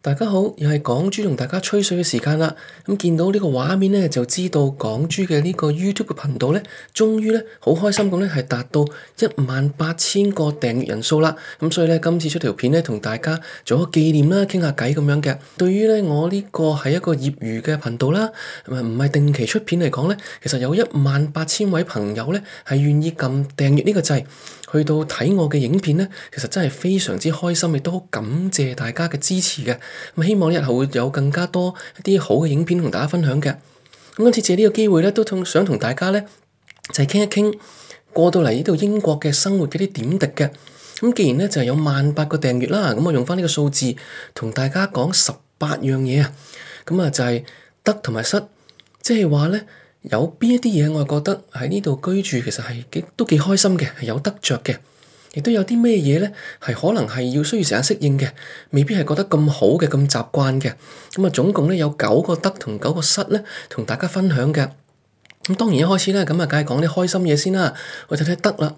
大家好，又係港珠同大家吹水嘅時間啦。咁見到呢個畫面咧，就知道港珠嘅呢個 YouTube 嘅頻道咧，終於咧好開心咁咧係達到一萬八千個訂閱人數啦。咁所以咧，今次出條片咧同大家做個紀念啦，傾下偈咁樣嘅。對於咧我呢個係一個業餘嘅頻道啦，唔係定期出片嚟講咧，其實有一萬八千位朋友咧係願意撳訂閱呢個掣。去到睇我嘅影片咧，其實真係非常之開心，亦都好感謝大家嘅支持嘅。咁希望日後會有更加多一啲好嘅影片同大家分享嘅。咁今次借呢個機會咧，都想同大家咧就係傾一傾過到嚟呢度英國嘅生活嘅啲點滴嘅。咁既然咧就係有萬八個訂閱啦，咁我用翻呢個數字同大家講十八樣嘢啊。咁啊就係得同埋失，即係話咧。有邊一啲嘢我係覺得喺呢度居住其實係幾都幾開心嘅，係有得着嘅，亦都有啲咩嘢咧係可能係要需要成日適應嘅，未必係覺得咁好嘅咁習慣嘅。咁啊、嗯、總共咧有九個得同九個失咧，同大家分享嘅。咁、嗯、當然一開始咧咁啊，梗係講啲開心嘢先啦。我睇睇得啦。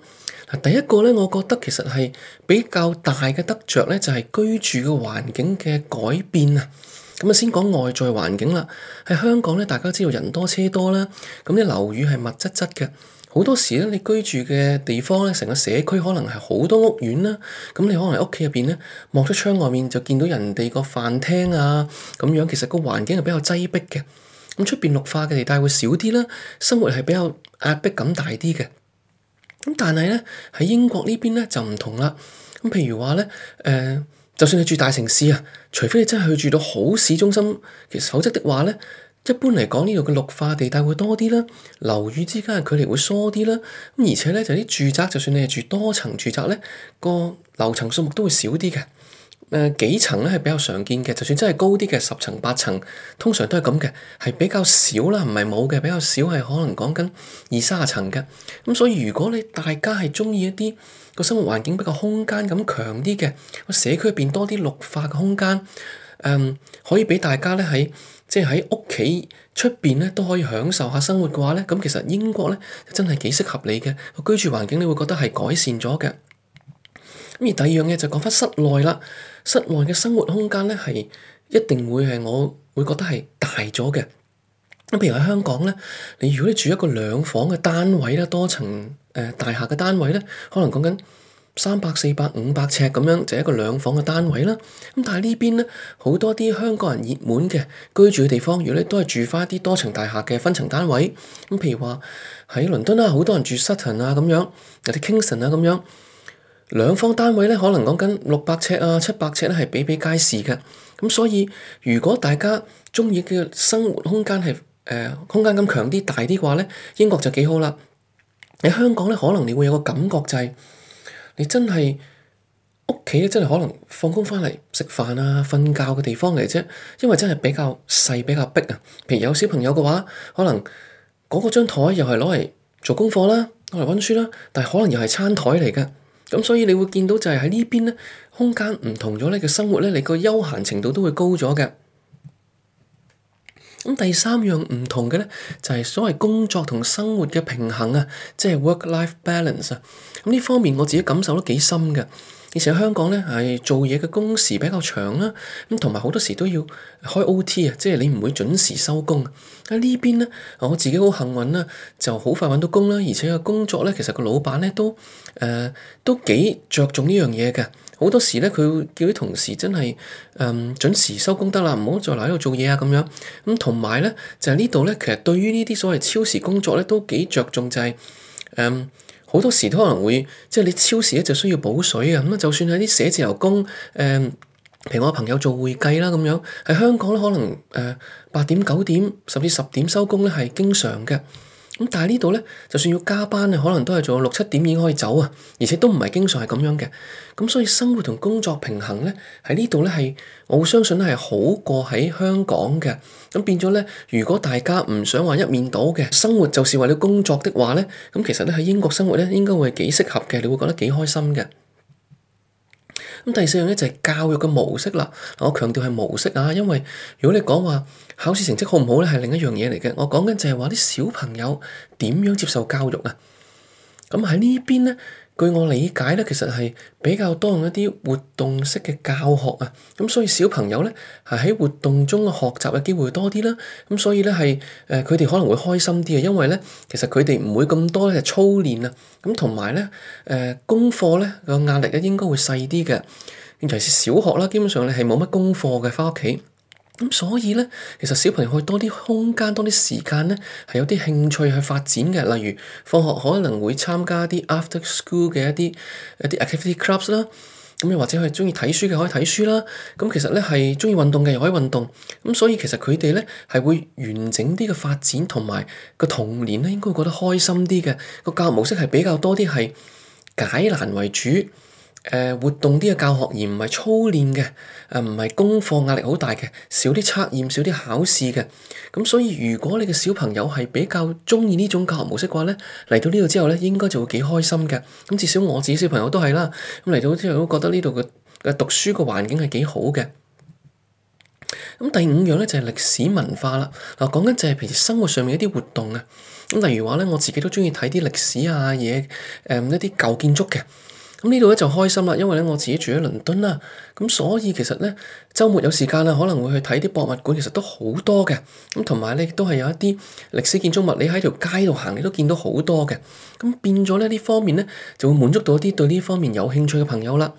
嗱，第一個咧，我覺得其實係比較大嘅得着咧，就係、係、居住嘅環境嘅改變啊。咁啊，先講外在環境啦。喺香港咧，大家知道人多車多啦。咁啲樓宇係密質質嘅。好多時咧，你居住嘅地方咧，成個社區可能係好多屋苑啦。咁你可能喺屋企入邊咧，望出窗外面就見到人哋個飯廳啊咁樣。其實個環境係比較擠迫嘅。咁出邊綠化嘅地帶會少啲啦，生活係比較壓迫感大啲嘅。咁但係咧喺英國呢邊咧就唔同啦。咁譬如話咧，誒、呃。就算你住大城市啊，除非你真係去住到好市中心，其實否則的話咧，一般嚟講呢度嘅綠化地帶會多啲啦，樓宇之間距離會疏啲啦，咁而且咧就啲住宅，就算你係住多層住宅咧，個樓層數目都會少啲嘅。誒、呃、幾層咧係比較常見嘅，就算真係高啲嘅十層八層，通常都係咁嘅，係比較少啦，唔係冇嘅，比較少係可能講緊二三十層嘅。咁所以如果你大家係中意一啲個生活環境比較空間咁強啲嘅，個社區入邊多啲綠化嘅空間，嗯，可以俾大家咧喺即係喺屋企出邊咧都可以享受下生活嘅話咧，咁其實英國咧就真係幾適合你嘅個居住環境，你會覺得係改善咗嘅。咁而第二樣嘢就講翻室內啦，室內嘅生活空間咧係一定會係我會覺得係大咗嘅。咁譬如喺香港咧，你如果你住一個兩房嘅單位啦，多層誒、呃、大廈嘅單位咧，可能講緊三百、四百、五百尺咁樣就係、一個兩房嘅單位啦。咁但係呢邊咧好多啲香港人熱門嘅居住嘅地方，如果你都係住翻一啲多層大廈嘅分層單位。咁、嗯、譬如話喺倫敦啊，好多人住 Sutton 啊咁樣，有啲 Kingston 啊咁樣，兩房單位咧可能講緊六百尺啊、七百尺咧係比比皆是嘅。咁、嗯、所以如果大家中意嘅生活空間係誒空間咁強啲大啲嘅話咧，英國就幾好啦。你香港咧，可能你會有個感覺就係、是，你真係屋企咧，真係可能放工翻嚟食飯啊、瞓覺嘅地方嚟啫。因為真係比較細、比較逼啊。譬如有小朋友嘅話，可能嗰個張台又係攞嚟做功課啦、攞嚟温書啦，但係可能又係餐台嚟嘅。咁所以你會見到就係喺呢邊咧，空間唔同咗咧嘅生活咧，你個休閒程度都會高咗嘅。咁第三樣唔同嘅咧，就係、係、所謂工作同生活嘅平衡啊，即係 work life balance 啊。咁呢方面我自己感受都幾深嘅。而且香港咧係做嘢嘅工時比較長啦，咁同埋好多時都要開 OT 啊，即係你唔會準時收工。喺呢邊咧，我自己好幸運啦，就好快揾到工啦，而且個工作咧其實個老闆咧都誒、呃、都幾着重呢樣嘢嘅。好多時咧，佢會叫啲同事真係誒、嗯、準時收工得啦，唔好再留喺度做嘢啊，咁樣咁同埋咧就係、是、呢度咧。其實對於呢啲所謂超時工作咧，都幾着重，就係誒，好多時都可能會即係、就是、你超時咧就需要補水啊。咁、嗯、啊，就算係啲寫字樓工誒、嗯，譬如我朋友做會計啦，咁樣喺香港咧，可能誒八、呃、點九點甚至十點收工咧，係經常嘅。咁但係呢度咧，就算要加班，可能都係做到六七點已經可以走啊，而且都唔係經常係咁樣嘅。咁所以生活同工作平衡咧，喺呢度咧係我會相信係好過喺香港嘅。咁變咗咧，如果大家唔想話一面倒嘅生活，就係為咗工作嘅話咧，咁其實咧喺英國生活咧應該會幾適合嘅，你會覺得幾開心嘅。第四樣咧就係教育嘅模式啦，我強調係模式啊，因為如果你講話考試成績好唔好咧，係另一樣嘢嚟嘅。我講緊就係話啲小朋友點樣接受教育啊，咁喺呢邊咧。據我理解咧，其實係比較多用一啲活動式嘅教學啊，咁所以小朋友咧係喺活動中嘅學習嘅機會多啲啦，咁所以咧係誒佢哋可能會開心啲啊，因為咧其實佢哋唔會咁多咧操練啊，咁同埋咧誒功課咧個壓力咧應該會細啲嘅，尤其是小學啦，基本上你係冇乜功課嘅翻屋企。咁所以咧，其實小朋友可以多啲空間、多啲時間咧，係有啲興趣去發展嘅。例如放學可能會參加啲 after school 嘅一啲一啲 activity clubs 啦。咁又或者佢中意睇書嘅可以睇書啦。咁其實咧係中意運動嘅又可以運動。咁所以其實佢哋咧係會完整啲嘅發展，同埋個童年咧應該會覺得開心啲嘅。個教學模式係比較多啲係解難為主。活動啲嘅教學，而唔係操練嘅，唔係功課壓力好大嘅，少啲測驗、少啲考試嘅，咁所以如果你嘅小朋友係比較鍾意呢種教學模式嘅話呢，嚟到呢度之後呢，應該就會幾開心嘅。咁至少我自己小朋友都係啦，咁嚟到之後都覺得呢度嘅嘅讀書個環境係幾好嘅。咁第五樣呢，就係、是、歷史文化啦，嗱，講緊就係平時生活上面一啲活動嘅，咁例如話呢我自己都鍾意睇啲歷史啊嘢，誒、嗯、一啲舊建築嘅。咁呢度咧就開心啦，因為咧我自己住喺倫敦啦，咁所以其實咧週末有時間啦，可能會去睇啲博物館，其實都好多嘅。咁同埋咧都係有一啲歷史建築物，你喺條街度行，你都見到好多嘅。咁變咗咧呢方面咧就會滿足到一啲對呢方面有興趣嘅朋友啦。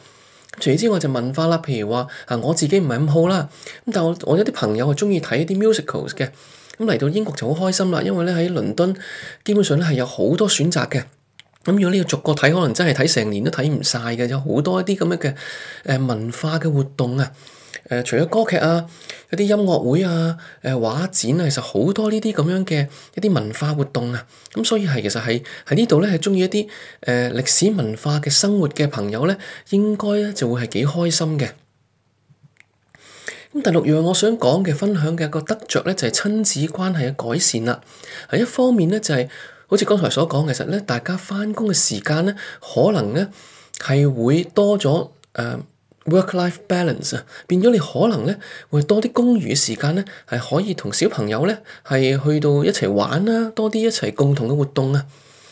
除此之外就文化啦，譬如話啊我自己唔係咁好啦，咁但係我我有啲朋友係鍾意睇啲 musicals 嘅，咁嚟到英國就好開心啦，因為咧喺倫敦基本上咧係有好多選擇嘅。咁如果你要逐個睇，可能真係睇成年都睇唔晒嘅，有好多一啲咁樣嘅誒文化嘅活動啊！誒，除咗歌劇啊，有一啲音樂會啊，誒畫展啊，其實好多呢啲咁樣嘅一啲文化活動啊，咁所以係其實係喺呢度咧，係中意一啲誒歷史文化嘅生活嘅朋友咧，應該咧就會係幾開心嘅。咁第六樣我想講嘅分享嘅一個得着咧，就係親子關係嘅改善啦。係一方面咧，就係、是。好似剛才所講，其實咧，大家翻工嘅時間咧，可能咧係會多咗誒、呃、work-life balance 啊，變咗你可能咧會多啲公餘時間咧係可以同小朋友咧係去到一齊玩啦，多啲一齊共同嘅活動啊。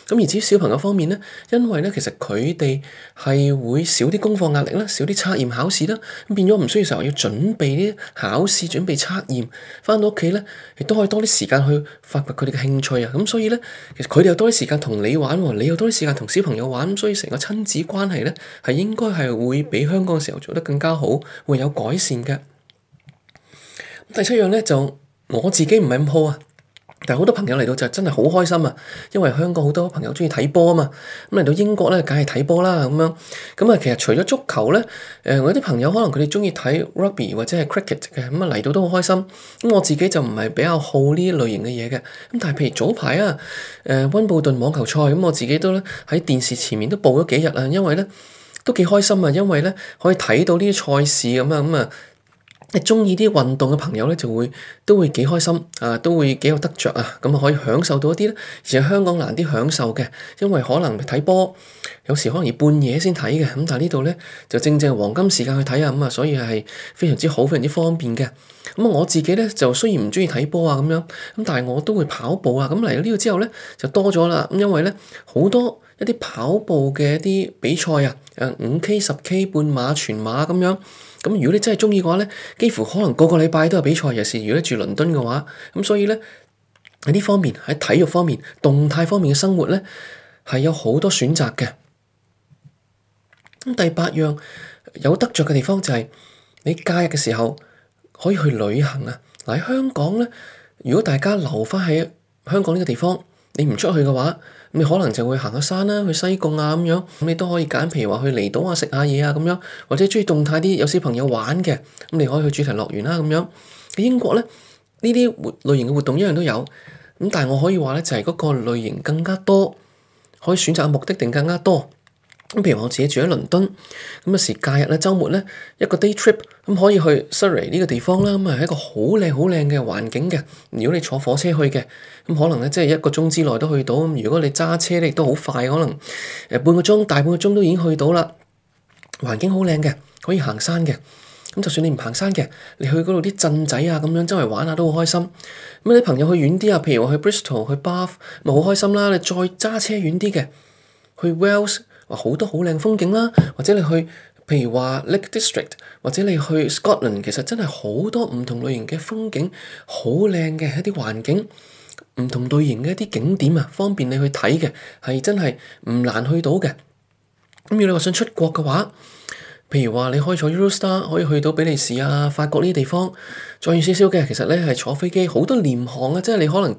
咁而至於小朋友方面呢，因為呢，其實佢哋係會少啲功課壓力啦，少啲測驗考試啦，咁變咗唔需要成日要準備啲考試、準備測驗，翻到屋企呢，亦都可以多啲時間去發掘佢哋嘅興趣啊！咁所以呢，其實佢哋又多啲時間同你玩喎，你又多啲時間同小朋友玩，所以成個親子關係呢，係應該係會比香港嘅時候做得更加好，會有改善嘅。第七樣呢，就我自己唔係咁好啊。但係好多朋友嚟到就真係好開心啊！因為香港好多朋友鍾意睇波啊嘛，咁嚟到英國咧，梗係睇波啦咁樣。咁啊，其實除咗足球咧，誒我啲朋友可能佢哋鍾意睇 rugby 或者係 cricket 嘅，咁啊嚟到都好開心。咁我自己就唔係比較好呢類型嘅嘢嘅。咁但係譬如早排啊，誒、呃、溫布頓網球賽，咁我自己都咧喺電視前面都報咗幾日啊，因為咧都幾開心啊，因為咧可以睇到呢啲賽事咁啊咁啊。中意啲運動嘅朋友咧，就會都會幾開心啊，都會幾有得着啊，咁啊可以享受到一啲咧。而且香港難啲享受嘅，因為可能睇波有時可能要半夜先睇嘅，咁但係呢度咧就正正黃金時間去睇啊，咁啊所以係非常之好，非常之方便嘅。咁啊我自己咧就雖然唔中意睇波啊咁樣，咁但係我都會跑步啊。咁嚟到呢度之後咧就多咗啦。咁因為咧好多一啲跑步嘅一啲比賽啊，誒五 K 十 K 半馬全馬咁樣。咁如果你真係鍾意嘅話咧，幾乎可能個個禮拜都有比賽。尤其是如果你住倫敦嘅話，咁所以咧，喺呢方面，喺體育方面、動態方面嘅生活咧係有好多選擇嘅。咁第八樣有得着嘅地方就係、是、你假日嘅時候可以去旅行啊。喺香港咧，如果大家留返喺香港呢個地方，你唔出去嘅話。你可能就會行下山啦、啊，去西貢啊咁樣，咁你都可以揀，譬如話去離島啊食下嘢啊咁樣，或者鍾意動態啲，有小朋友玩嘅，咁你可以去主題樂園啦、啊、咁樣。英國咧，呢啲活類型嘅活動一樣都有，咁但係我可以話咧，就係、是、嗰個類型更加多，可以選擇嘅目的地更加多。咁譬如我自己住喺倫敦，咁有時假日咧、週末咧一個 day trip，咁可以去 Surrey 呢個地方啦。咁啊，係一個好靚、好靚嘅環境嘅。如果你坐火車去嘅，咁可能咧即係一個鐘之內都去到。咁如果你揸車咧，亦都好快，可能誒半個鐘、大半個鐘都已經去到啦。環境好靚嘅，可以行山嘅。咁就算你唔行山嘅，你去嗰度啲鎮仔啊，咁樣周圍玩下都好開心。咁你朋友去遠啲啊，譬如話去 Bristol、去 Bath，咪好開心啦。你再揸車遠啲嘅，去 Wales、well。好多好靚風景啦，或者你去，譬如話 Lake District，或者你去 Scotland，其實真係好多唔同類型嘅風景，好靚嘅一啲環境，唔同類型嘅一啲景點啊，方便你去睇嘅，係真係唔難去到嘅。咁如果你話想出國嘅話，譬如話你可以坐 Eurostar 可以去到比利時啊、法國呢啲地方，再遠少少嘅，其實咧係坐飛機好多廉航啊，即係你可能誒、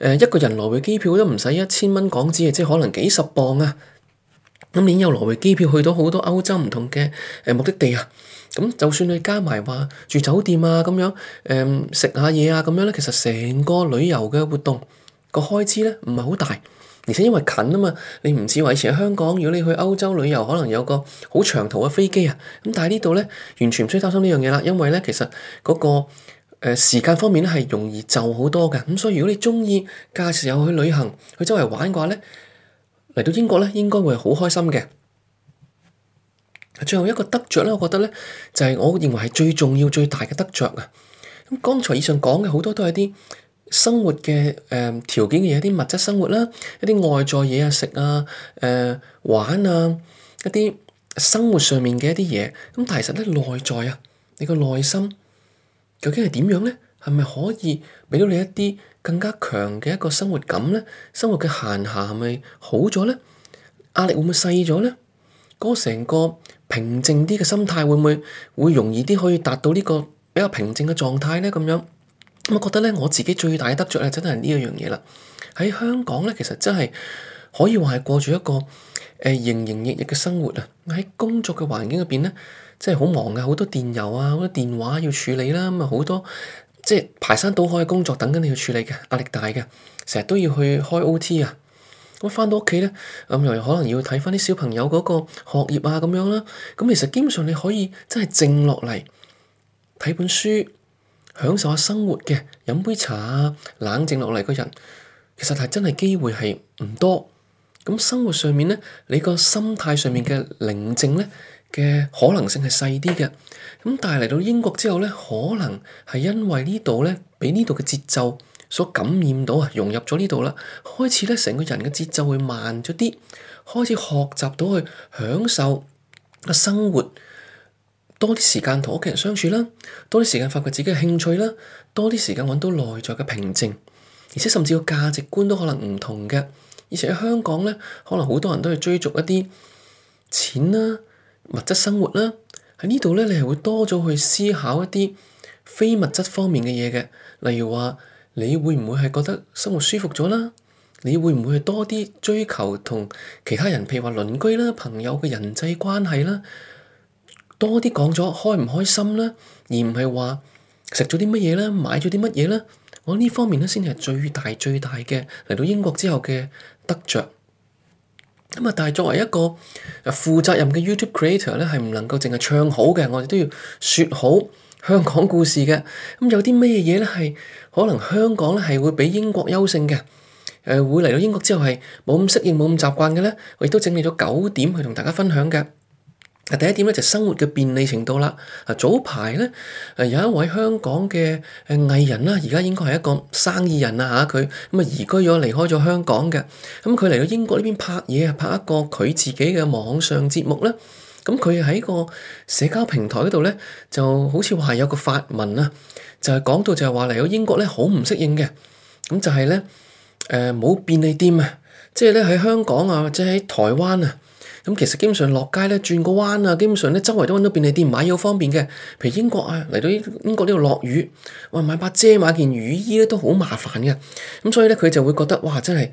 呃、一個人來回機票都唔使一千蚊港紙，即係可能幾十磅啊。今年又來回機票去到好多歐洲唔同嘅誒目的地啊！咁就算你加埋話住酒店啊，咁樣誒食、嗯、下嘢啊，咁樣咧，其實成個旅遊嘅活動個開支咧唔係好大，而且因為近啊嘛，你唔似話以前喺香港，如果你去歐洲旅遊，可能有個好長途嘅飛機啊。咁但係呢度咧，完全唔需要擔心呢樣嘢啦，因為咧其實嗰、嗰個誒、呃、時間方面咧係容易就好多嘅。咁所以如果你中意價錢又去旅行去周圍玩嘅話咧，嚟到英國咧，應該會好開心嘅。最後一個得着咧，我覺得咧，就係我認為係最重要、最大嘅得著啊！咁剛才以上講嘅好多都係啲生活嘅誒條件嘅嘢，啲物質生活啦，一啲外在嘢啊、食啊、誒玩啊，一啲生活上面嘅一啲嘢。咁、嗯、其實咧，內在啊，你個內心究竟係點樣咧？係咪可以俾到你一啲更加強嘅一個生活感咧，生活嘅閒暇係咪好咗咧？壓力會唔會細咗咧？嗰成個平靜啲嘅心態會唔會會容易啲可以達到呢個比較平靜嘅狀態咧？咁樣咁啊，我覺得咧，我自己最大嘅得着咧，真係呢一樣嘢啦。喺香港咧，其實真係可以話係過住一個誒營營役役嘅生活啊。喺工作嘅環境入邊咧，真係好忙嘅，好多電郵啊、好多電話要處理啦，咁啊好多。即係排山倒海嘅工作等緊你去處理嘅，壓力大嘅，成日都要去開 OT 啊！咁返到屋企咧，咁又可能要睇返啲小朋友嗰個學業啊咁樣啦。咁其實基本上你可以真係靜落嚟睇本書，享受下生活嘅，飲杯茶啊，冷靜落嚟個人，其實係真係機會係唔多。咁生活上面咧，你個心態上面嘅寧靜咧，嘅可能性係細啲嘅，咁但係嚟到英國之後咧，可能係因為呢度咧，俾呢度嘅節奏所感染到啊，融入咗呢度啦，開始咧成個人嘅節奏會慢咗啲，開始學習到去享受個生活，多啲時間同屋企人相處啦，多啲時間發掘自己嘅興趣啦，多啲時間揾到內在嘅平靜，而且甚至個價值觀都可能唔同嘅。而且喺香港咧，可能好多人都係追逐一啲錢啦。物質生活啦，喺呢度咧，你係會多咗去思考一啲非物質方面嘅嘢嘅，例如話，你會唔會係覺得生活舒服咗啦？你會唔會係多啲追求同其他人，譬如話鄰居啦、朋友嘅人際關係啦，多啲講咗開唔開心啦，而唔係話食咗啲乜嘢啦、買咗啲乜嘢啦，我呢方面咧先係最大最大嘅嚟到英國之後嘅得着。咁啊！但係作為一個負責任嘅 YouTube creator 咧，係唔能夠淨係唱好嘅，我哋都要說好香港故事嘅。咁有啲咩嘢咧係可能香港咧係會比英國優勝嘅？誒，會嚟到英國之後係冇咁適應、冇咁習慣嘅咧，我亦都整理咗九點去同大家分享嘅。第一點咧就生活嘅便利程度啦。啊，早排咧，誒有一位香港嘅誒藝人啦，而家應該係一個生意人啦嚇，佢咁啊移居咗離開咗香港嘅。咁佢嚟到英國呢邊拍嘢啊，拍一個佢自己嘅網上節目咧。咁佢喺個社交平台嗰度咧，就好似話有個發文啊，就係、是、講到就係話嚟到英國咧好唔適應嘅。咁、嗯、就係咧誒冇便利店啊，即係咧喺香港啊，或者喺台灣啊。咁其實基本上落街咧轉個彎啊，基本上咧周圍都揾到便利店買嘢好方便嘅。譬如英國啊，嚟到英國呢度落雨，哇買把遮買件雨衣咧都好麻煩嘅。咁所以咧佢就會覺得哇真係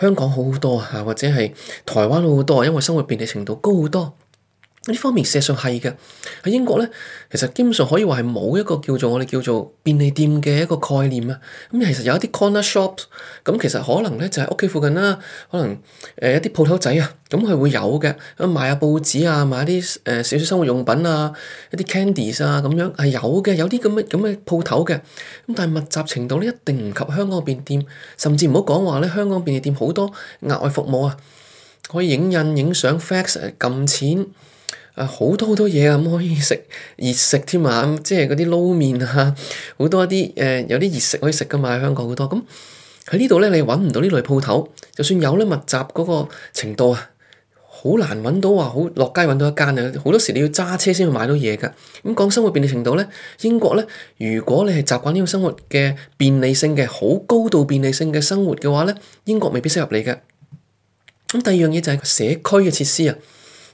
香港好好多啊，或者係台灣好好多啊，因為生活便利程度高好多。呢方面，事實上係嘅。喺英國咧，其實基本上可以話係冇一個叫做我哋叫做便利店嘅一個概念啊。咁、嗯、其實有一啲 corner shops，咁、嗯、其實可能咧就係屋企附近啦，可能誒、呃、一啲鋪頭仔啊，咁、嗯、係會有嘅。咁賣下報紙啊，買啲誒少少生活用品啊，一啲 candies 啊咁樣係有嘅，有啲咁嘅咁嘅鋪頭嘅。咁、嗯、但係密集程度咧一定唔及香港嘅便利店，甚至唔好講話咧香港便利店好多額外服務啊，可以影印、影相、fax、撳錢。好多好多嘢啊，咁可以食熱食添嘛。即係嗰啲撈麵啊，好多一啲誒有啲熱食可以食噶嘛，喺香港好多。咁喺呢度咧，你揾唔到呢類鋪頭，就算有咧，密集嗰個程度啊，好難揾到話好落街揾到一間啊，好多時你要揸車先會買到嘢噶。咁講生活便利程度咧，英國咧，如果你係習慣呢種生活嘅便利性嘅好高度便利性嘅生活嘅話咧，英國未必適合你噶。咁第二樣嘢就係社區嘅設施啊。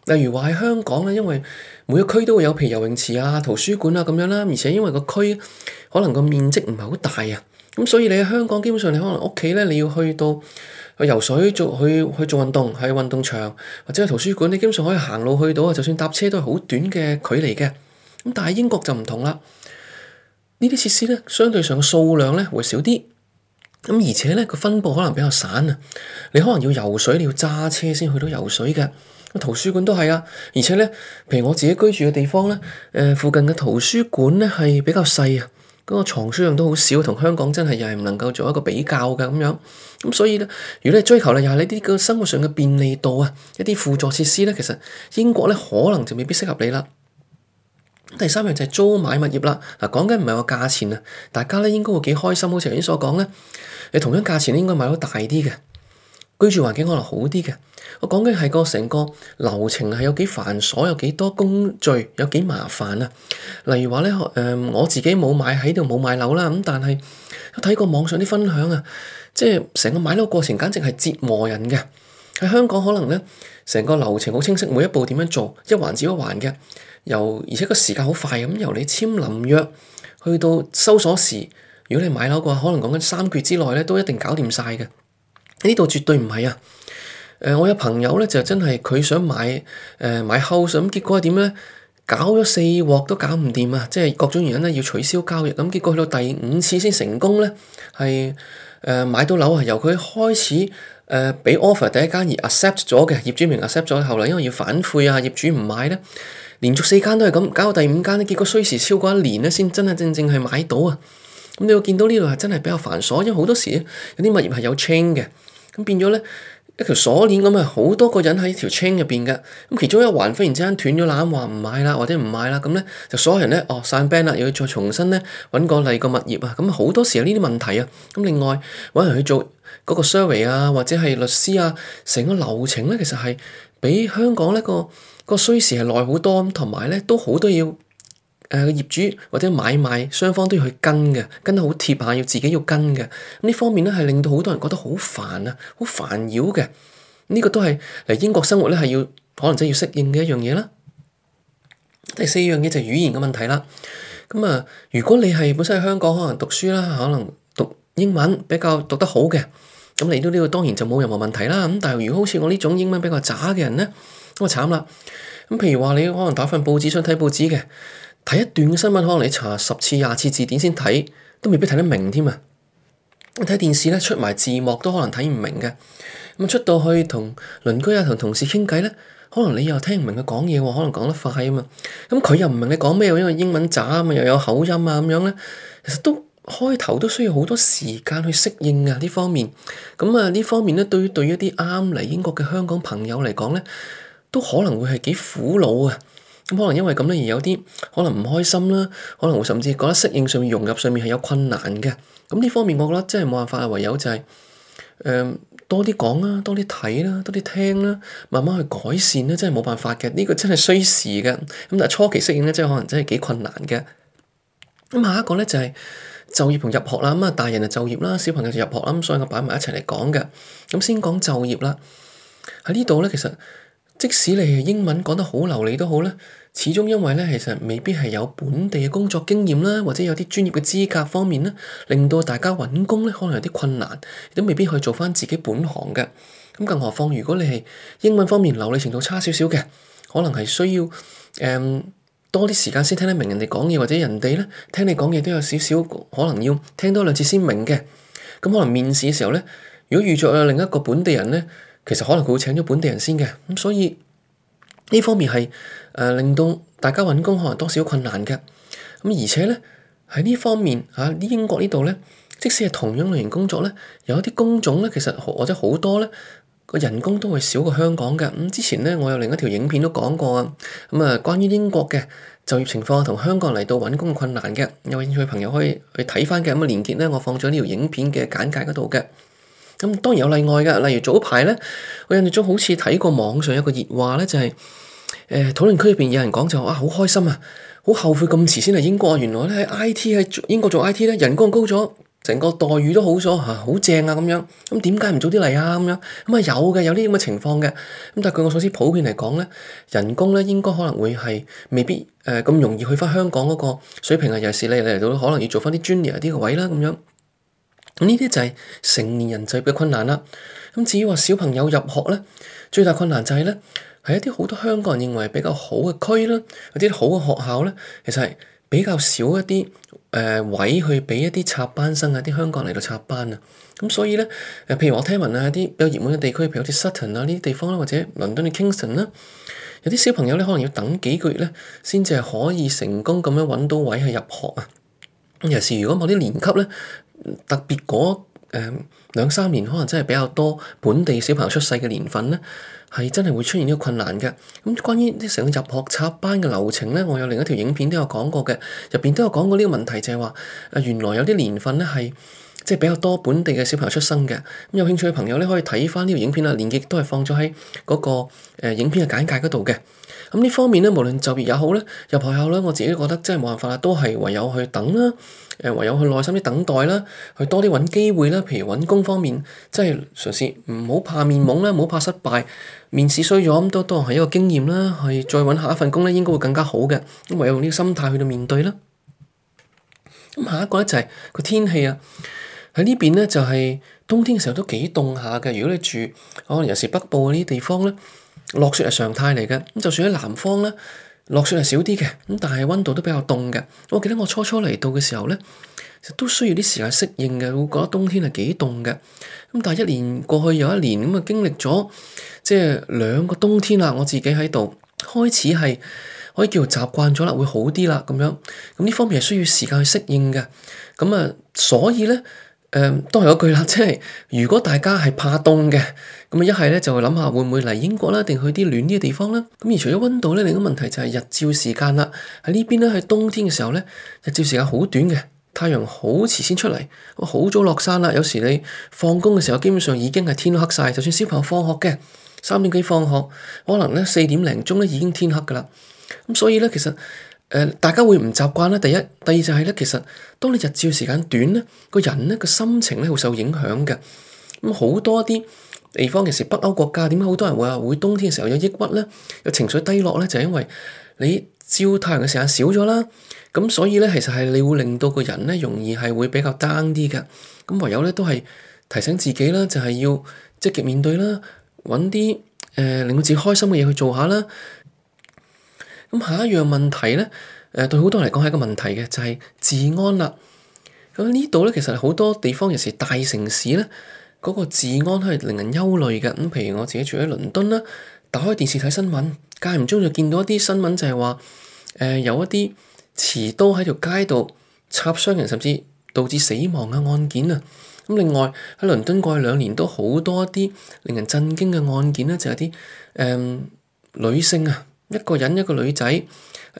例如話喺香港咧，因為每個區都會有譬如游泳池啊、圖書館啊咁樣啦，而且因為個區可能個面積唔係好大啊，咁所以你喺香港基本上你可能屋企咧，你要去到游去游水做去去做運動喺運動場或者去圖書館，你基本上可以行路去到啊，就算搭車都係好短嘅距離嘅。咁但係英國就唔同啦，設呢啲設施咧，相對上數量咧會少啲，咁而且咧個分佈可能比較散啊，你可能要游水你要揸車先去到游水嘅。圖書館都係啊，而且呢，譬如我自己居住嘅地方呢，誒、呃，附近嘅圖書館呢係比較細啊，嗰個藏書量都好少，同香港真係又係唔能夠做一個比較嘅，咁樣。咁所以呢，如果你追求咧，又係呢啲嘅生活上嘅便利度啊，一啲輔助設施呢，其實英國呢可能就未必適合你啦。第三樣就係租買物業啦。嗱，講緊唔係話價錢啊，大家呢應該會幾開心，好似頭先所講呢，你同樣價錢咧應該買到大啲嘅。居住環境可能好啲嘅，我講緊係個成個流程係有幾繁瑣，有幾多,多工序，有幾麻煩啊。例如話咧，誒、呃、我自己冇買喺度冇買樓啦，咁但係我睇過網上啲分享啊，即係成個買樓過程簡直係折磨人嘅喺香港可能咧成個流程好清晰，每一步點樣做一環接一環嘅，由而且個時間好快咁，由你簽臨約去到收鎖匙，如果你買樓嘅話，可能講緊三個月之內咧都一定搞掂晒嘅。呢度絕對唔係啊！誒、呃，我有朋友咧，就真係佢想買誒、呃、買 house 咁，結果係點咧？搞咗四鑊都搞唔掂啊！即係各種原因咧，要取消交易咁，結果去到第五次先成功咧，係誒、呃、買到樓啊！由佢開始誒俾、呃、offer 第一間而 accept 咗嘅業主名 accept 咗，後來因為要反悔啊，業主唔買咧，連續四間都係咁，搞到第五間咧，結果需時超過一年咧，先真係正正係買到啊！咁、嗯、你會見到呢度係真係比較繁瑣，因為好多時有啲物業係有 chain 嘅。咁變咗咧，一條鎖鏈咁啊，好多個人喺一條 chain 入邊嘅。咁其中一環忽然之間斷咗攬，話唔買啦，或者唔買啦，咁咧就所有人咧哦散 band 啦，又要再重新咧揾個另一個物業啊。咁好多時候有呢啲問題啊。咁另外揾人去做嗰個 survey 啊，或者係律師啊，成個流程咧，其實係比香港呢、那個、那個需時係耐好多，同埋咧都好多要。但係個業主或者買賣雙方都要去跟嘅，跟得好貼下，要自己要跟嘅。呢方面咧係令到好多人覺得好煩啊，好煩擾嘅。呢、這個都係嚟英國生活咧係要可能真係要適應嘅一樣嘢啦。第四樣嘢就係語言嘅問題啦。咁、嗯、啊，如果你係本身喺香港可能讀書啦，可能讀英文比較讀得好嘅，咁嚟到呢度當然就冇任何問題啦。咁但係如果好似我呢種英文比較渣嘅人咧，咁啊慘啦。咁譬如話你可能打份報紙想睇報紙嘅。睇一段新聞，可能你查十次廿次字典先睇，都未必睇得明添啊！睇電視咧，出埋字幕都可能睇唔明嘅。咁出到去同鄰居啊、同同事傾偈咧，可能你又聽唔明佢講嘢喎，可能講得快啊嘛。咁佢又唔明你講咩，因為英文渣啊嘛，又有口音啊咁樣咧。其實都開頭都需要好多時間去適應啊呢方面。咁啊呢方面咧，對於對於一啲啱嚟英國嘅香港朋友嚟講咧，都可能會係幾苦惱啊！咁可能因為咁咧，而有啲可能唔開心啦，可能會甚至覺得適應上面、融入上面係有困難嘅。咁呢方面，我覺得真係冇辦法，唯有就係誒多啲講啦，多啲睇啦，多啲聽啦，慢慢去改善啦，真係冇辦法嘅。呢、這個真係需時嘅。咁但係初期適應咧，真係可能真係幾困難嘅。咁下一個咧就係、是、就業同入學啦。咁啊，大人就就業啦，小朋友就入學啦。咁所以我擺埋一齊嚟講嘅。咁先講就業啦。喺呢度咧，其實。即使你英文講得好流利都好咧，始終因為咧，其實未必係有本地嘅工作經驗啦，或者有啲專業嘅資格方面咧，令到大家揾工咧可能有啲困難，都未必去做翻自己本行嘅。咁更何況如果你係英文方面流利程度差少少嘅，可能係需要誒、嗯、多啲時間先聽得明人哋講嘢，或者人哋咧聽你講嘢都有少少可能要聽多兩次先明嘅。咁可能面試嘅時候咧，如果遇着有另一個本地人咧。其實可能佢會請咗本地人先嘅，咁所以呢方面係誒、呃、令到大家揾工可能多少困難嘅。咁而且咧喺呢方面嚇、啊，英國呢度咧，即使係同樣類型工作咧，有一啲工種咧，其實或者好多咧個人工都會少過香港嘅。咁、嗯、之前咧，我有另一條影片都講過啊。咁啊，關於英國嘅就業情況同香港嚟到揾工嘅困難嘅，有興趣嘅朋友可以去睇翻嘅咁嘅連結咧，我放咗呢條影片嘅簡介嗰度嘅。咁當然有例外嘅，例如早排咧，我印象中好似睇過網上一個熱話咧，就係、是、誒、呃、討論區入邊有人講就話啊，好開心啊，好後悔咁遲先嚟英國、啊，原來咧喺 IT 喺英國做 IT 咧，人工高咗，成個待遇都好咗嚇，好、啊、正啊咁樣。咁、啊、點解唔早啲嚟啊咁樣？咁啊有嘅，有啲咁嘅情況嘅。咁但係據我所知，普遍嚟講咧，人工咧應該可能會係未必誒咁、呃、容易去翻香港嗰個水平啊，尤其是你嚟到可能要做翻啲 Junior 啲嘅位啦咁樣。咁呢啲就係成年人就業嘅困難啦。咁至於話小朋友入學咧，最大困難就係、是、咧，係一啲好多香港人認為比較好嘅區啦，有啲好嘅學校咧，其實係比較少一啲誒、呃、位去俾一啲插班生啊，啲香港人嚟到插班啊。咁所以咧，誒譬如我聽聞啊，一啲比較熱門嘅地區，譬如好似 Sutton 啊呢啲地方啦，或者倫敦嘅 Kingston 啦，有啲小朋友咧可能要等幾個月咧，先至係可以成功咁樣揾到位去入學啊。咁尤其是如果某啲年級咧，特別嗰誒、嗯、兩三年，可能真係比較多本地小朋友出世嘅年份咧，係真係會出現呢個困難嘅。咁、嗯、關於啲成個入學插班嘅流程咧，我有另一條影片都有講過嘅，入邊都有講過呢個問題就，就係話啊原來有啲年份咧係即係比較多本地嘅小朋友出生嘅。咁、嗯、有興趣嘅朋友咧，可以睇翻呢條影片啦，連結都係放咗喺嗰個誒、呃、影片嘅簡介嗰度嘅。咁呢方面咧，無論就業也好咧，入學校咧，我自己覺得真係冇辦法啦，都係唯有去等啦，誒，唯有去耐心啲等待啦，去多啲揾機會啦。譬如揾工方面，真係嘗試唔好怕面懵啦，唔好怕失敗。面試衰咗咁都當係一個經驗啦，去再揾下一份工咧，應該會更加好嘅。咁唯有用呢個心態去到面對啦。咁下一個咧就係、是、個天氣啊，喺呢邊咧就係、是、冬天嘅時候都幾凍下嘅。如果你住可能尤其是北部嗰啲地方咧。落雪係常態嚟嘅，咁就算喺南方咧，落雪係少啲嘅，咁但係温度都比較凍嘅。我記得我初初嚟到嘅時候咧，其實都需要啲時間適應嘅，會覺得冬天係幾凍嘅。咁但係一年過去又一年，咁啊經歷咗即係兩個冬天啦，我自己喺度開始係可以叫做習慣咗啦，會好啲啦咁樣。咁呢方面係需要時間去適應嘅，咁啊所以咧。誒都係嗰句啦，即係如果大家係怕凍嘅，咁啊一係咧就會諗下會唔會嚟英國啦，定去啲暖啲嘅地方啦。咁而除咗温度咧，另一個問題就係日照時間啦。喺呢邊咧，喺冬天嘅時候咧，日照時間好短嘅，太陽好遲先出嚟，好早落山啦。有時你放工嘅時候，基本上已經係天黑晒，就算小朋友放學嘅三點幾放學，可能咧四點零鐘咧已經天黑㗎啦。咁所以咧其實。大家會唔習慣啦。第一、第二就係、是、咧，其實當你日照時間短咧，個人咧個心情咧會受影響嘅。咁好多啲地方，其實北歐國家點解好多人話會冬天嘅時候有抑鬱咧、有情緒低落咧？就係、是、因為你照太陽嘅時間少咗啦。咁所以咧，其實係你會令到個人咧容易係會比較 down 啲嘅。咁唯有咧都係提醒自己啦，就係、是、要積極面對啦，揾啲、呃、令到自己開心嘅嘢去做下啦。咁下一樣問題呢，誒對好多人嚟講係一個問題嘅，就係治安啦。咁呢度呢，其實好多地方，尤其是大城市呢，嗰個治安係令人憂慮嘅。咁譬如我自己住喺倫敦啦，打開電視睇新聞，間唔中就見到一啲新聞就，就係話誒有一啲持刀喺條街度插傷人，甚至導致死亡嘅案件啊。咁另外喺倫敦過去兩年都好多一啲令人震驚嘅案件咧，就係啲誒女性啊。一個人一個女仔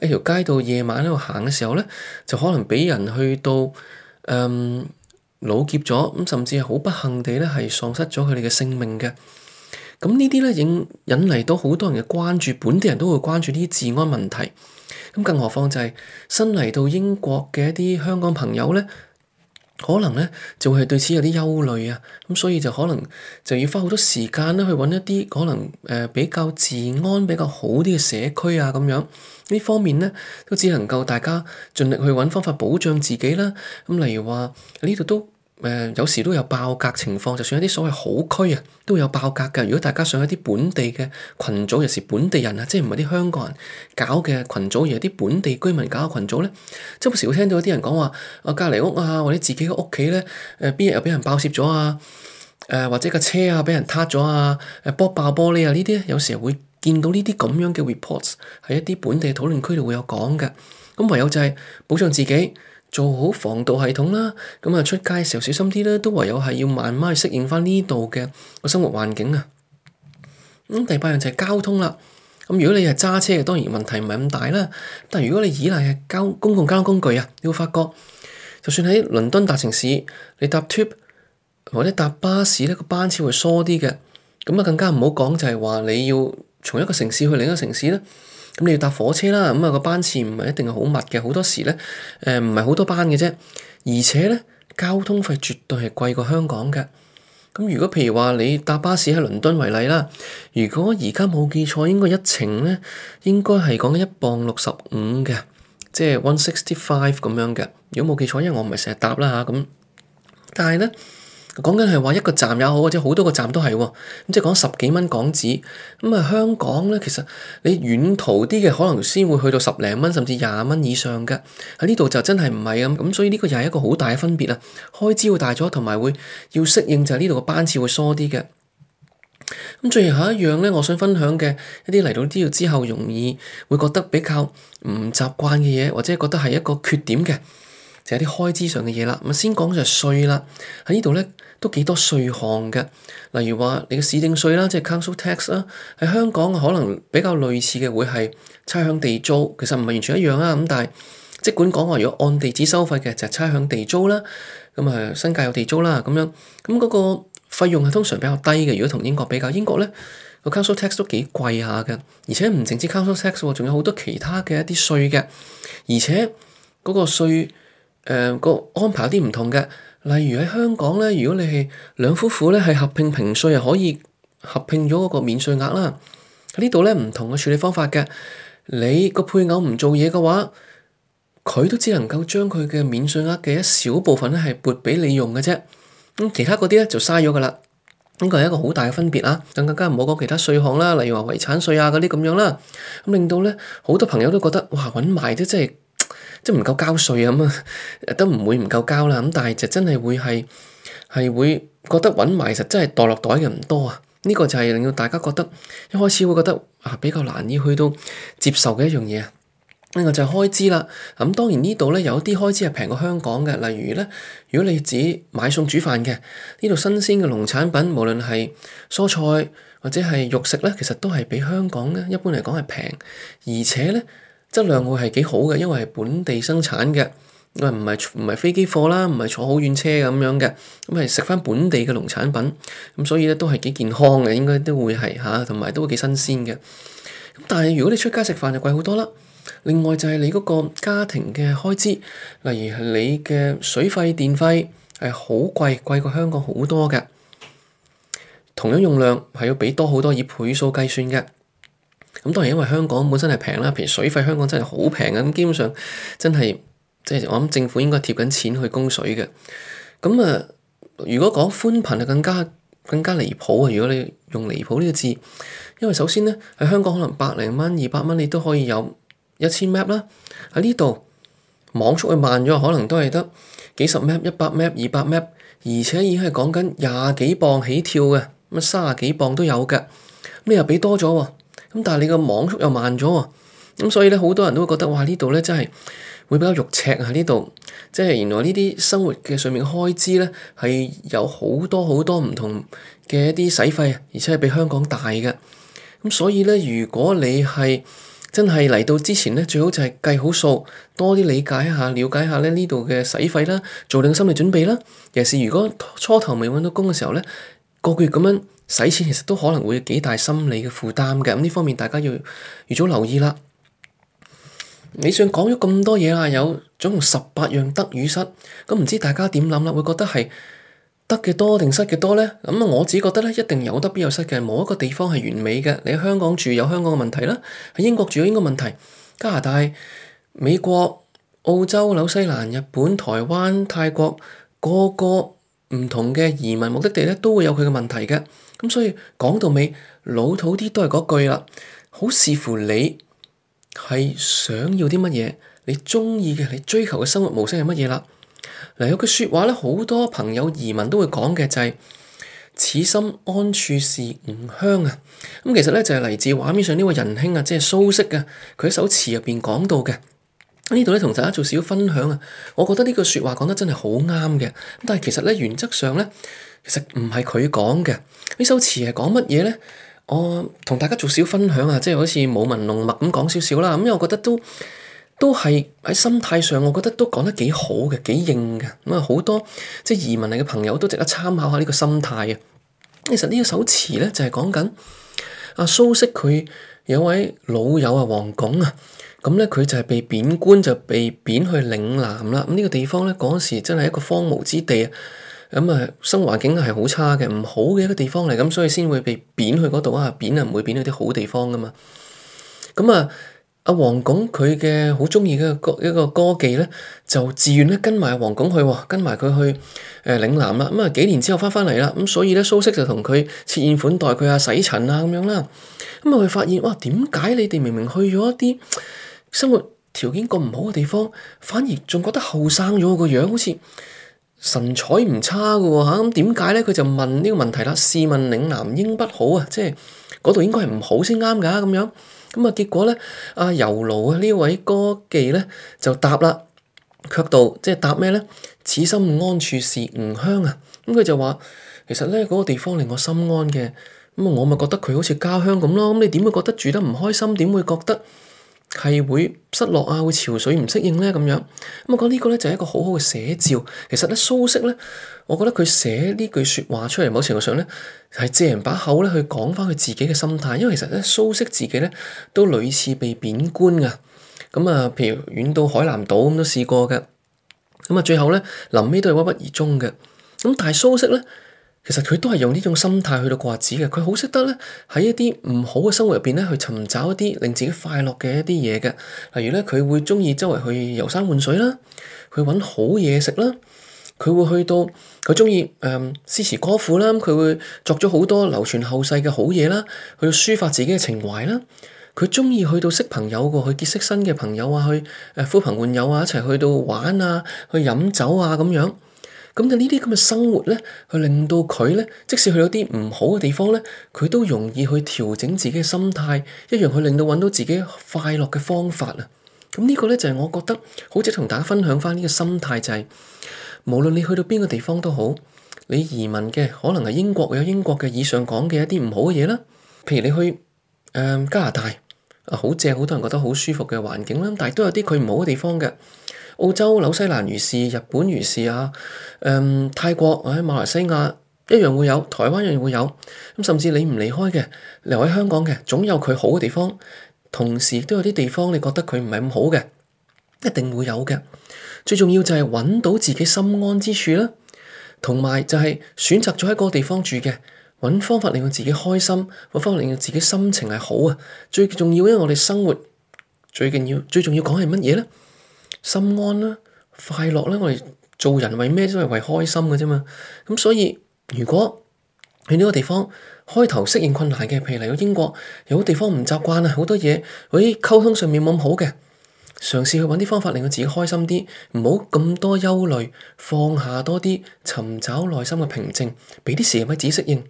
喺條街度夜晚喺度行嘅時候咧，就可能俾人去到嗯老、呃、劫咗，咁甚至係好不幸地咧，係喪失咗佢哋嘅性命嘅。咁呢啲咧引引嚟到好多人嘅關注，本地人都會關注啲治安問題。咁更何況就係、是、新嚟到英國嘅一啲香港朋友咧。可能咧就會係對此有啲憂慮啊，咁、嗯、所以就可能就要花好多時間咧去揾一啲可能誒、呃、比較治安比較好啲嘅社區啊咁樣，呢方面咧都只能夠大家盡力去揾方法保障自己啦，咁、嗯、例如話呢度都。誒、呃、有時都有爆格情況，就算一啲所謂好區啊，都有爆格㗎。如果大家上一啲本地嘅群組，尤其是本地人啊，即係唔係啲香港人搞嘅群組，而係啲本地居民搞嘅群組咧，即係有時會聽到啲人講話，我隔離屋啊，或者自己嘅屋企咧，誒邊日又俾人爆攝咗啊，誒、呃、或者架車啊俾人撻咗啊，誒剝、啊、爆玻璃啊呢啲，有時會見到呢啲咁樣嘅 reports 喺一啲本地討論區度會有講㗎。咁唯有就係保障自己。做好防盜系統啦，咁啊出街時候小心啲啦，都唯有係要慢慢去適應翻呢度嘅個生活環境啊。咁第八樣就係交通啦。咁如果你係揸車嘅，當然問題唔係咁大啦。但係如果你倚賴係交公共交通工具啊，你會發覺就算喺倫敦大城市，你搭 Tube 或者搭巴士咧，個班次會疏啲嘅。咁啊更加唔好講就係話你要從一個城市去另一個城市咧。咁你要搭火車啦，咁啊個班次唔係一定係好密嘅，好多時咧，誒唔係好多班嘅啫，而且咧交通費絕對係貴過香港嘅。咁如果譬如話你搭巴士喺倫敦為例啦，如果而家冇記錯，應該一程咧應該係講緊一磅六十五嘅，即係 one sixty five 咁樣嘅。如果冇記錯，因為我唔係成日搭啦吓。咁、啊，但係咧。講緊係話一個站也好，或者好多個站都係喎、哦。咁即係講十幾蚊港紙，咁啊香港咧，其實你遠途啲嘅可能先會去到十零蚊，甚至廿蚊以上嘅。喺呢度就真係唔係咁，咁所以呢個又係一個好大嘅分別啦。開支會大咗，同埋會要適應就係呢度嘅班次會疏啲嘅。咁最後一樣咧，我想分享嘅一啲嚟到呢度之後容易會覺得比較唔習慣嘅嘢，或者覺得係一個缺點嘅。就係啲開支上嘅嘢啦，咁先講就係稅啦。喺呢度咧都幾多稅項嘅，例如話你嘅市政稅啦，即係 Council Tax 啦。喺香港可能比較類似嘅會係差向地租，其實唔係完全一樣啊。咁但係即管講話，如果按地址收費嘅就係差向地租啦。咁啊，新界有地租啦，咁樣咁嗰個費用係通常比較低嘅。如果同英國比較，英國咧個 Council Tax 都幾貴下㗎，而且唔淨止 Council Tax 喎，仲有好多其他嘅一啲稅嘅，而且嗰個稅。誒、呃，個安排有啲唔同嘅，例如喺香港咧，如果你係兩夫婦咧係合併平稅，又可以合併咗嗰個免稅額啦。喺呢度咧唔同嘅處理方法嘅，你個配偶唔做嘢嘅話，佢都只能夠將佢嘅免稅額嘅一小部分咧係撥俾你用嘅啫，咁其他嗰啲咧就嘥咗噶啦。咁佢係一個好大嘅分別啊，更加唔好講其他稅項啦，例如話遺產稅啊嗰啲咁樣啦，咁令到咧好多朋友都覺得哇，揾埋都真係。即係唔夠交稅啊咁啊，都唔會唔夠交啦咁，但係就真係會係係會覺得揾埋，其實真係袋落袋嘅唔多啊！呢個就係令到大家覺得一開始會覺得、啊、比較難以去到接受嘅一樣嘢啊。另外就係開支啦，咁當然呢度咧有啲開支係平過香港嘅，例如咧，如果你自己買餸煮飯嘅呢度新鮮嘅農產品，無論係蔬菜或者係肉食咧，其實都係比香港嘅一般嚟講係平，而且咧。質量會係幾好嘅，因為係本地生產嘅，唔係唔係飛機貨啦，唔係坐好遠車咁樣嘅，咁係食翻本地嘅農產品，咁所以咧都係幾健康嘅，應該都會係吓，同埋都會幾新鮮嘅。咁但係如果你出街食飯就貴好多啦。另外就係你嗰個家庭嘅開支，例如係你嘅水費、電費係好貴，貴過香港好多嘅。同樣用量係要俾多好多以倍數計算嘅。咁當然因為香港本身係平啦，譬如水費香港真係好平嘅，咁基本上真係即係我諗政府應該貼緊錢去供水嘅。咁啊，如果講寬頻就更加更加離譜啊！如果你用離譜呢個字，因為首先呢，喺香港可能百零蚊、二百蚊你都可以有一千 Mbps 啦，喺呢度網速去慢咗，可能都係得幾十 Mbps、一百 Mbps、二百 Mbps 而且已經係講緊廿幾磅起跳嘅，咁三十幾磅都有嘅，咁你又俾多咗喎。咁但係你個網速又慢咗喎！咁所以咧，好多人都會覺得哇，呢度咧真係會比較肉赤啊！呢度即係原來呢啲生活嘅上面嘅開支咧，係有好多好多唔同嘅一啲使費啊，而且係比香港大嘅。咁所以咧，如果你係真係嚟到之前咧，最好就係計好數，多啲理解下、了解下咧呢度嘅使費啦，做定心理準備啦。尤其是如果初頭未揾到工嘅時候咧，個個月咁樣。使錢其實都可能會幾大心理嘅負擔嘅，咁呢方面大家要預早留意啦。你想講咗咁多嘢啦，有總共十八樣得與失，咁唔知大家點諗啦？會覺得係得嘅多定失嘅多咧？咁啊，我自己覺得咧，一定有得必有失嘅，冇一個地方係完美嘅。你喺香港住有香港嘅問題啦，喺英國住有英國問題，加拿大、美國、澳洲、紐西蘭、日本、台灣、泰國，個個唔同嘅移民目的地咧，都會有佢嘅問題嘅。咁所以講到尾老土啲都係嗰句啦，好視乎你係想要啲乜嘢，你中意嘅你追求嘅生活模式係乜嘢啦？嗱，有句説話咧，好多朋友移民都會講嘅就係、是：此心安處是吾鄉啊！咁其實咧就係、是、嚟自畫面上呢位仁兄啊，即係蘇軾嘅佢喺首詞入邊講到嘅。呢度咧同大家做少分享啊！我覺得呢句説話講得真係好啱嘅。但係其實咧原則上咧，其實唔係佢講嘅。首詞呢首詞係講乜嘢咧？我同大家做少分享啊，即係好似舞文弄墨咁講少少啦。咁因為我覺得都都係喺心態上，我覺得都講得幾好嘅，幾硬嘅。咁啊好多即係移民嚟嘅朋友都值得參考下呢個心態啊。其實詞呢一首詞咧就係講緊阿蘇軾佢有位老友啊，王鞏啊。咁咧，佢就係被貶官，就被貶去嶺南啦。咁呢個地方咧，嗰時真係一個荒蕪之地啊。咁、嗯、啊，生活環境係好差嘅，唔好嘅一個地方嚟，咁所以先會被貶去嗰度啊。貶啊，唔會貶去啲好地方噶嘛。咁啊，阿王鞏佢嘅好中意嘅一個歌妓個咧，就自願咧跟埋阿王鞏去，跟埋佢去誒嶺南啦。咁、嗯、啊，幾年之後翻翻嚟啦。咁、嗯、所以咧，蘇軾就同佢設宴款待佢啊，洗塵啊咁樣啦。咁、嗯、啊，佢、嗯、發現哇，點解你哋明，明明去咗一啲？生活條件咁唔好嘅地方，反而仲覺得後生咗個樣好，好似神采唔差嘅喎嚇。咁點解咧？佢就問呢個問題啦。試問嶺南應不好啊？即係嗰度應該係唔好先啱㗎咁樣。咁啊，結果咧，阿、啊、遊奴啊呢位歌妓咧就答啦，卻道即係答咩咧？此心安處是吾鄉啊。咁、嗯、佢就話，其實咧嗰、那個地方令我心安嘅。咁、嗯、我咪覺得佢好似家鄉咁咯。咁、嗯、你點會覺得住得唔開心？點會覺得？係會失落啊，會潮水唔適應咧咁樣，咁啊講呢個咧就係一個好好嘅寫照。其實咧蘇軾咧，我覺得佢寫呢句說話出嚟，某程度上咧係借人把口咧去講翻佢自己嘅心態。因為其實咧蘇軾自己咧都屢次被貶官噶，咁、嗯、啊譬如遠到海南島咁都試過嘅，咁、嗯、啊最後咧臨尾都係鬱鬱而終嘅。咁、嗯、但係蘇軾咧。其實佢都係用呢種心態去到過日子嘅，佢好識得咧喺一啲唔好嘅生活入邊咧去尋找一啲令自己快樂嘅一啲嘢嘅，例如咧佢會中意周圍去遊山玩水啦，去搵好嘢食啦，佢會去到佢中意誒詩詞歌賦啦，佢會作咗好多流傳後世嘅好嘢啦，去抒發自己嘅情懷啦，佢中意去到識朋友個、啊，去結識新嘅朋友啊，去誒呼、呃、朋喚友啊，一齊去到玩啊，去飲酒啊咁樣。咁就呢啲咁嘅生活咧，去令到佢咧，即使去到啲唔好嘅地方咧，佢都容易去調整自己嘅心態，一樣去令到揾到自己快樂嘅方法啊！咁、這個、呢個咧就係、是、我覺得，好想同大家分享翻呢個心態，就係、是、無論你去到邊個地方都好，你移民嘅可能係英國有英國嘅以上講嘅一啲唔好嘅嘢啦，譬如你去誒、呃、加拿大啊，好正，好多人覺得好舒服嘅環境啦，但係都有啲佢唔好嘅地方嘅。澳洲、紐西蘭如是，日本如是啊，誒、嗯、泰國、或者馬來西亞一樣會有，台灣一樣會有。咁甚至你唔離開嘅，留喺香港嘅，總有佢好嘅地方。同時都有啲地方你覺得佢唔係咁好嘅，一定會有嘅。最重要就係揾到自己心安之處啦，同埋就係選擇咗喺嗰個地方住嘅，揾方法令到自己開心，揾方法令到自己心情係好啊。最重要因為我哋生活最緊要，最重要講係乜嘢咧？心安啦、啊，快樂啦、啊，我哋做人為咩都係為開心嘅啫嘛。咁所以，如果喺呢個地方開頭適應困難嘅，譬如嚟到英國，有啲地方唔習慣啊，好多嘢，喺溝通上面冇咁好嘅，嘗試去揾啲方法令到自己開心啲，唔好咁多憂慮，放下多啲，尋找內心嘅平靜，俾啲時間去適應。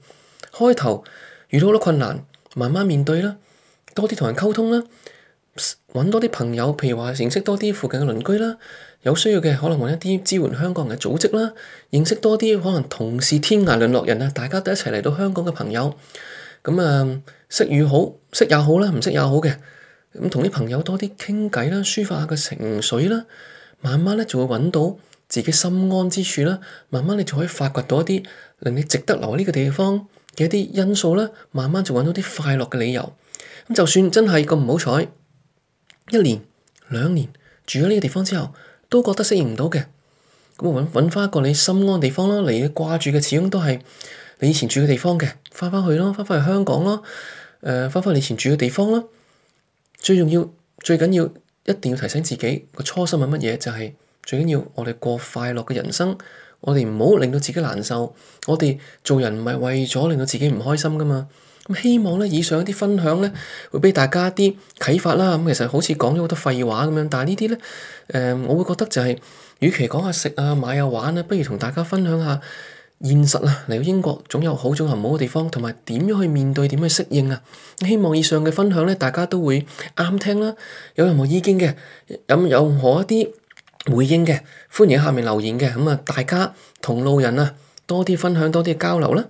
開頭遇到好多困難，慢慢面對啦，多啲同人溝通啦。揾多啲朋友，譬如話認識多啲附近嘅鄰居啦，有需要嘅可能揾一啲支援香港人嘅組織啦，認識多啲可能同事天涯淪落人啊，大家都一齊嚟到香港嘅朋友，咁、嗯、啊識與好識也好啦，唔識也好嘅，咁同啲朋友多啲傾偈啦，抒發下個情緒啦，慢慢咧就會揾到自己心安之處啦，慢慢你就可以發掘到一啲令你值得留喺呢個地方嘅一啲因素啦，慢慢就揾到啲快樂嘅理由，咁就算真係咁唔好彩。一年、兩年住咗呢個地方之後，都覺得適應唔到嘅，咁我揾揾翻一個你心安嘅地方咯。你掛住嘅始終都係你以前住嘅地方嘅，翻翻去咯，翻翻去香港咯，誒、呃，翻翻你以前住嘅地方咯。最重要、最緊要，一定要提醒自己個初心係乜嘢？就係、是、最緊要我哋過快樂嘅人生，我哋唔好令到自己難受，我哋做人唔係為咗令到自己唔開心㗎嘛。咁希望咧，以上一啲分享咧，會俾大家一啲啟發啦。咁其實好似講咗好多廢話咁樣，但係呢啲咧，誒、呃、我會覺得就係、是，與其講下食啊、買啊、玩咧、啊，不如同大家分享下現實啊。嚟到英國總有好、總有唔好嘅地方，同埋點樣去面對、點去適應啊。希望以上嘅分享咧，大家都會啱聽啦、啊。有任何意見嘅，咁有任何一啲回應嘅，歡迎喺下面留言嘅。咁、嗯、啊，大家同路人啊，多啲分享、多啲交流啦。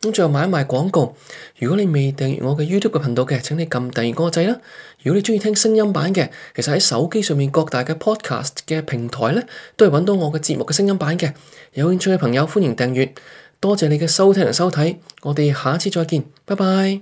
咁最後賣一賣廣告，如果你未訂閱我嘅 YouTube 頻道嘅，請你撳訂閱嗰個掣啦。如果你鍾意聽聲音版嘅，其實喺手機上面各大嘅 Podcast 嘅平台咧，都係揾到我嘅節目嘅聲音版嘅。有興趣嘅朋友歡迎訂閱。多謝你嘅收聽同收睇，我哋下次再見，拜拜。